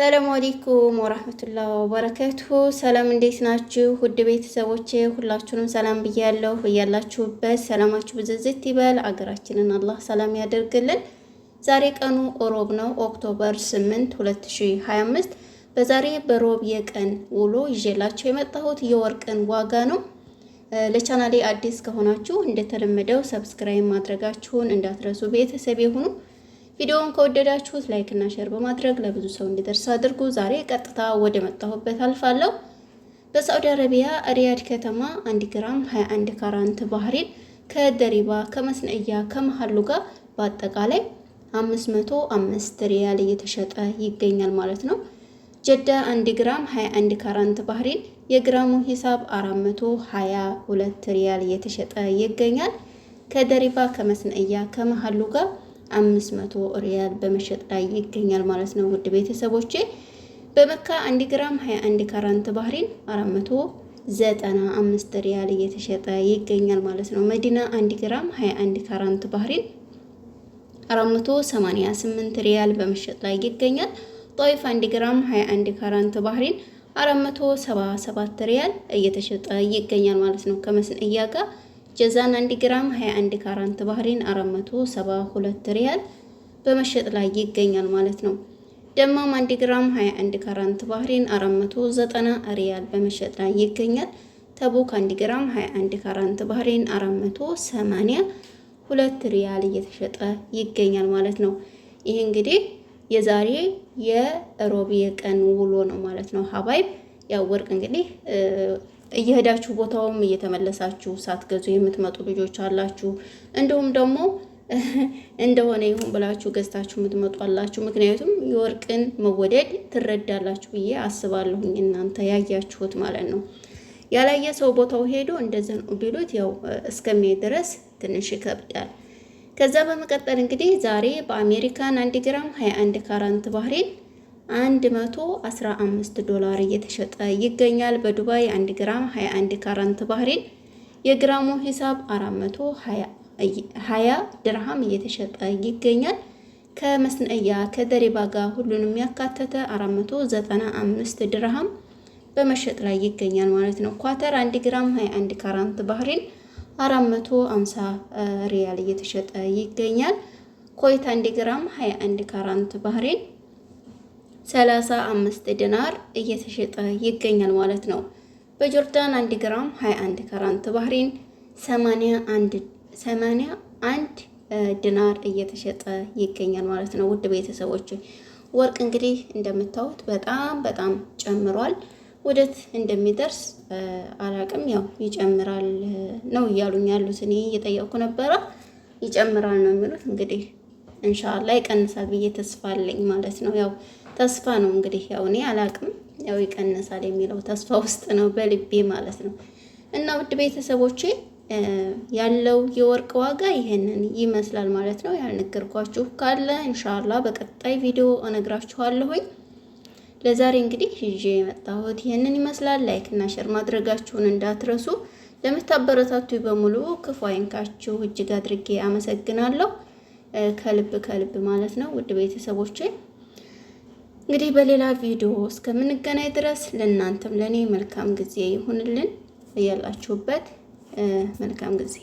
ሰላም አለይኩም ወራህመቱላሂ ወበረካቱሁ። ሰላም እንዴት ናችሁ? ውድ ቤተሰቦቼ ሁላችሁንም ሰላም ብያለሁ። እያላችሁበት ሰላማችሁ ብዝዝት ይበል። አገራችንን አላህ ሰላም ያደርግልን። ዛሬ ቀኑ ሮብ ነው፣ ኦክቶበር 8 2025። በዛሬ በሮብ የቀን ውሎ ይዤላችሁ የመጣሁት የወርቅን ዋጋ ነው። ለቻናሌ አዲስ ከሆናችሁ እንደተለመደው ሰብስክራይብ ማድረጋችሁን እንዳትረሱ ቤተሰብ የሆኑ ቪዲዮውን ከወደዳችሁት ላይክ እና ሼር በማድረግ ለብዙ ሰው እንዲደርስ አድርጉ። ዛሬ ቀጥታ ወደ መጣሁበት አልፋለሁ። በሳዑዲ አረቢያ ሪያድ ከተማ 1 ግራም 21 ካራንት ባህሪን ከደሪባ ከመስነእያ ከመሀሉ ጋር በአጠቃላይ 505 ሪያል እየተሸጠ ይገኛል ማለት ነው። ጀዳ 1 ግራም 21 ካራንት ባህሪን የግራሙ ሂሳብ 422 ሪያል እየተሸጠ ይገኛል። ከደሪባ ከመስነእያ ከመሀሉ ጋር አምስት መቶ ሪያል በመሸጥ ላይ ይገኛል ማለት ነው። ውድ ቤተሰቦቼ በመካ አንድ ግራም 21 ካራንት ባህሪን 495 ሪያል እየተሸጠ ይገኛል ማለት ነው። መዲና አንድ ግራም 21 ካራንት ባህሪን 488 ሪያል በመሸጥ ላይ ይገኛል። ጦይፍ 1 ግራም 21 ካራንት ባህሪን 477 ሪያል እየተሸጠ ይገኛል ማለት ነው ከመስንእያ ጋር ጀዛን 1 ግራም 21 ካራንት ባህሪን 472 ሪያል በመሸጥ ላይ ይገኛል ማለት ነው። ደማም 1 ግራም 21 ካራንት ባህሪን 490 ሪያል በመሸጥ ላይ ይገኛል። ተቡክ 1 ግራም 21 ካራንት ባህሪን 482 ሪያል እየተሸጠ ይገኛል ማለት ነው። ይህ እንግዲህ የዛሬ የሮብ የቀን ውሎ ነው ማለት ነው። ሀባይብ ያው ወርቅ እንግዲህ እየሄዳችሁ ቦታውም እየተመለሳችሁ ሳትገዙ የምትመጡ ልጆች አላችሁ። እንዲሁም ደግሞ እንደሆነ ይሁን ብላችሁ ገዝታችሁ የምትመጡ አላችሁ። ምክንያቱም የወርቅን መወደድ ትረዳላችሁ ብዬ አስባለሁኝ። እናንተ ያያችሁት ማለት ነው። ያላየ ሰው ቦታው ሄዶ እንደዚህ ነው ቢሉት ያው እስከሚሄድ ድረስ ትንሽ ይከብዳል። ከዛ በመቀጠል እንግዲህ ዛሬ በአሜሪካን አንድ ግራም 21 ካራንት ባህሪን አንድ መቶ ዶላር እየተሸጠ ይገኛል። በዱባይ አንድ ግራም 21 ካራንት ባህሪን የግራሙ ሂሳብ 420 ድርሃም እየተሸጠ ይገኛል። ከመስነያ ከደሪባ ጋር ሁሉንም ያካተተ 495 ድርሃም በመሸጥ ላይ ይገኛል ማለት ነው። ኳተር 1 ግራም 21 ካራንት ባህሪን 450 ሪያል እየተሸጠ ይገኛል። ኮይት 1 ግራም 21 ካራንት ባህሪን ሰላሳ አምስት ዲናር እየተሸጠ ይገኛል ማለት ነው። በጆርዳን 1 ግራም 21 ካራንት ባህሪን 81 ዲናር እየተሸጠ ይገኛል ማለት ነው። ውድ ቤተሰቦች ወርቅ እንግዲህ እንደምታዩት በጣም በጣም ጨምሯል። ወደት እንደሚደርስ አላቅም። ያው ይጨምራል ነው እያሉኝ ያሉት። እኔ እየጠየቅኩ ነበረ። ይጨምራል ነው የሚሉት። እንግዲህ እንሻላ ይቀንሳል ብዬ ተስፋ አለኝ ማለት ነው ያው ተስፋ ነው እንግዲህ ያው እኔ አላቅም፣ ያው ይቀንሳል የሚለው ተስፋ ውስጥ ነው በልቤ ማለት ነው። እና ውድ ቤተሰቦቼ ያለው የወርቅ ዋጋ ይሄንን ይመስላል ማለት ነው። ያልነገርኳችሁ ካለ እንሻላ በቀጣይ ቪዲዮ እነግራችኋለሁኝ። ለዛሬ እንግዲህ ይዤ የመጣሁት ይሄንን ይመስላል። ላይክ እና ሼር ማድረጋችሁን እንዳትረሱ። ለምታበረታቱ በሙሉ ክፉ አይንካችሁ። እጅግ አድርጌ አመሰግናለሁ ከልብ ከልብ ማለት ነው ውድ ቤተሰቦቼ እንግዲህ በሌላ ቪዲዮ እስከምንገናኝ ድረስ ለእናንተም ለእኔ መልካም ጊዜ ይሁንልን። እያላችሁበት መልካም ጊዜ